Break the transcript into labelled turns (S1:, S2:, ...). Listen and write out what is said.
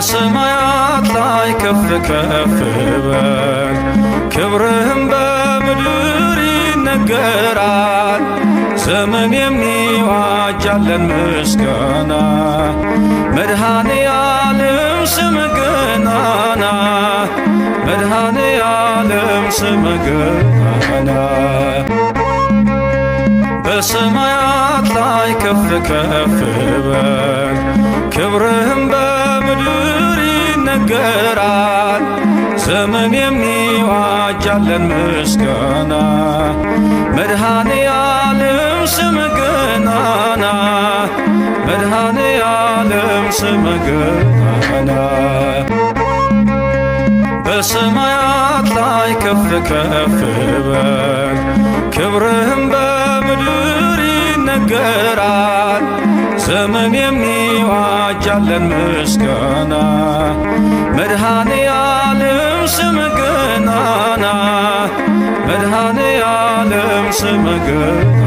S1: በሰማያት ላይ ከፍ ከፍ በል ክብርህም በምድር ይነገራል። ዘመን የሚዋጃለን ምስጋና መድኃኔ ዓለም ስም ገናና መድኃኔ ዓለም ስም ገናና በሰማያት ላይ ከፍ ከፍ በል ይነገራል። ዘመን የሚዋጃለን ምስጋና መድኃኔ ዓለም ስም ገናና መድኃኔ ዓለም ስም ገናና በሰማያት ላይ ከፍ ከፍ በል ክብርህም በምድር ይነገራል። ስምን የሚዋጃለን ምስጋና መድኃኔ ዓለም ስም ገናና መድኃኔ ዓለም ስም ገናና